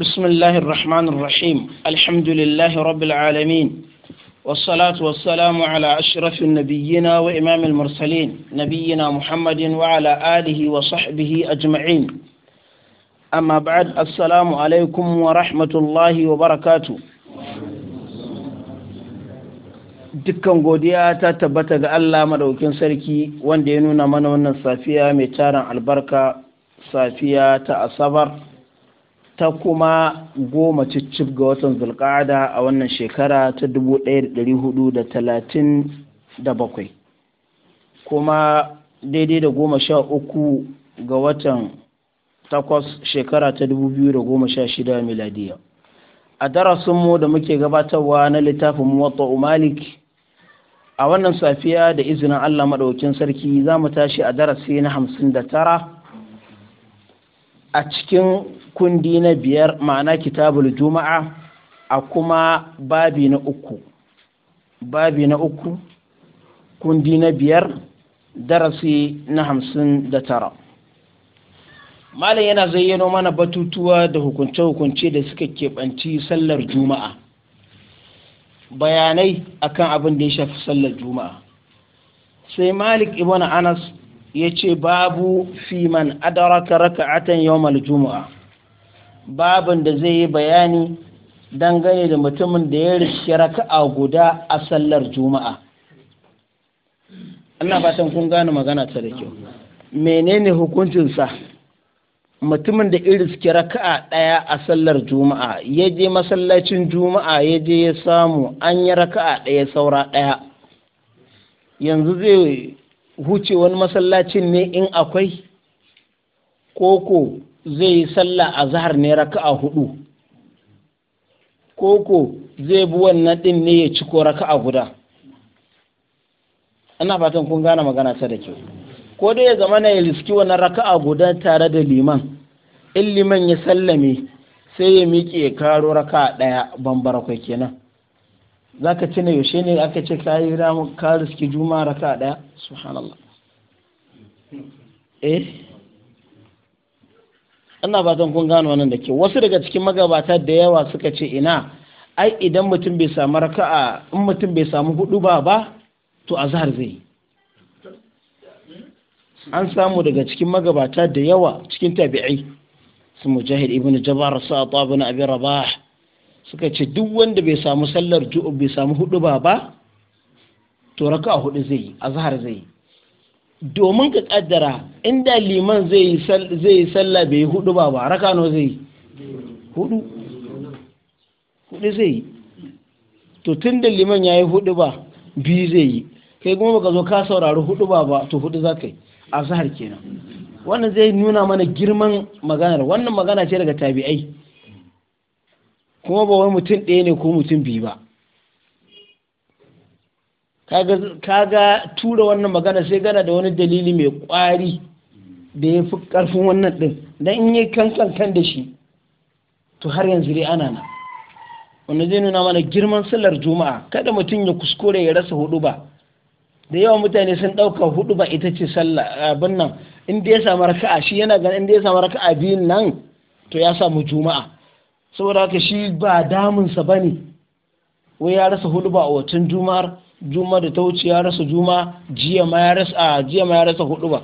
بسم الله الرحمن الرحيم الحمد لله رب العالمين والصلاة والسلام على أشرف النبيين وإمام المرسلين نبينا محمد وعلى آله وصحبه أجمعين أما بعد السلام عليكم ورحمة الله وبركاته dukkan godiya ta tabbata ga Allah madaukin sarki wanda ya nuna mana wannan safiya mai tarin albarka safiya ta asabar ta kuma goma cicif ga watan zulƙada a wannan shekara ta 1437 kuma daidai da goma sha uku ga watan takwas shekara ta 2016 miladiya a darasinmu da muke gabatarwa na littafin muwatta malik a wannan safiya da izinin allah maɗaukin sarki za mu tashi a darasi na 59 a cikin kundi na biyar ma'ana kitabul juma'a a kuma babi na uku babi na uku kundi na biyar darasi na hamsin da tara malam yana zayyano mana batutuwa da hukunce-hukunce da suka keɓanci sallar juma'a bayanai akan abin da ya shafi sallar juma'a sai malik ibn anas Ya ce babu fi man adaraka raka'atan yawmal juma'a babin da zai yi bayani dangane da mutumin da ya rishi raka'a guda a sallar juma'a ina fatan kun gane magana ta da kyau menene hukuncinsa mutumin da iriski raka'a ɗaya a sallar juma'a ya je masallacin juma'a ya je ya samu an yi raka'a ɗaya saura ɗaya yanzu zai huce wani masallacin ne in akwai koko zai yi sallah a zahar ne raka'a hudu koko zai bi wannan din ne ya ciko a guda ana fatan kun gane magana ta da kyau ko dai ya zama na ya riski wannan raka'a guda tare da liman in liman ya sallame sai ya miƙe ya karo raka'a ɗaya bambara kwai kenan za ka yaushe ne aka ce ka yi ka riski juma'a raka daya subhanallah eh ina zan kun gano wannan da ke wasu daga cikin magabata da yawa suka ce ina ai idan mutum bai samu raka'a in mutum bai samu hudu ba ba to azhar zai an samu daga cikin magabata da yawa cikin tabi'ai su mujahid ibn jabar sa'ata ibn abi rabah suka ce duk wanda bai samu sallar ju'u bai samu hudu ba ba to raka a hudu zai yi azhar zai yi domin ka kaddara inda liman zai yi sallah bai yi hudu ba ba raka no zai yi hudu hudu zai yi to tun da liman ya yi hudu ba biyu zai yi kai kuma baka zo ka saurari hudu ba ba to hudu za ka yi azhar kenan wannan zai nuna mana girman maganar wannan magana ce daga tabi'ai kuma ba wai mutum ɗaya ne ko mutum biyu ba kaga tura wannan magana sai gana da wani dalili mai kwari da ya fi ƙarfin wannan ɗin don in yi kankan da shi to har yanzu dai ana nan wanda zai nuna mana girman sallar juma'a kada mutum ya kuskure ya rasa hudu ba da yawan mutane sun ɗauka hudu ba ita ce sallah abin nan in da ya samu raka'a shi yana ganin in da ya samu raka'a biyun nan to ya samu juma'a saboda haka shi ba damunsa ba ne wai ya rasa hudu ba a watan juma'ar juma da ta wuce ya rasa juma jiya ma ya rasa a jiya ma ya rasa hudu ba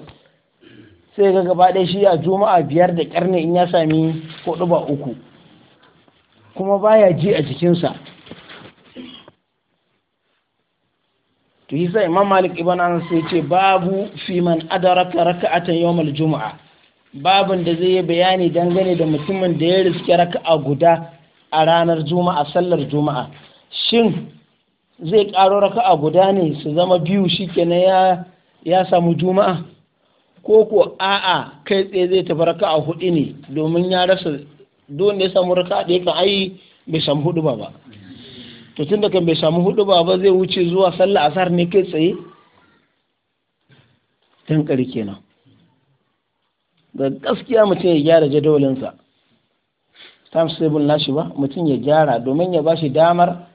sai ga gaba ɗaya shi a juma'a biyar da ƙarni in ya sami hudu ba uku kuma baya ji a jikinsa to yi sa imam malik ibn anas sai ce babu fi man adaraka raka'atan yawmal juma'a babin da zai yi bayani dangane da mutumin da ya riske raka'a guda a ranar juma'a sallar juma'a shin zai ƙaro raka'a guda ne su zama biyu shi ya ya samu juma'a ko ko a'a kai tsaye zai tafi raka'a hudu ne domin ya rasa don ne ya samu raka'a da yakan, ai bai samu hudu ba ba to tun da kan bai samu hudu ba ba zai wuce zuwa sallar asar ne kai tsaye kenan da gaskiya mutum ya gyara jadawalinsa timetable nashi ba mutum ya gyara domin ya ba shi damar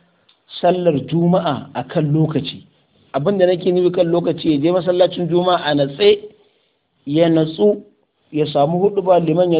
sallar juma'a a kan lokaci abinda nake nufi kan lokaci ya je masallacin juma'a a natse ya natsu ya samu hudu ba liman ya